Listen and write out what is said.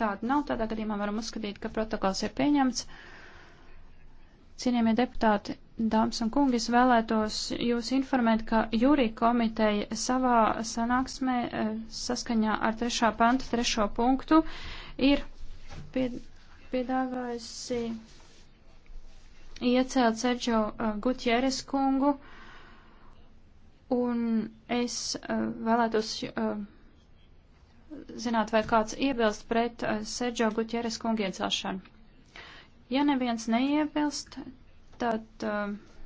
tāda nav. Tādā gadījumā varam uzskatīt, ka protokols ir pieņemts. Cienījamie deputāti, dāmas un kungi, es vēlētos jūs informēt, ka jūrija komiteja savā sanāksmē eh, saskaņā ar 3. pantu, 3. punktu ir piedāvājusi iecelt Sergio eh, Gutjeres kungu, un es eh, vēlētos. Uh, zināt, vai kāds iebilst pret eh, Sergio Gutieres kungu iecelšanu. Ja neviens neiebilst, tad. Uh,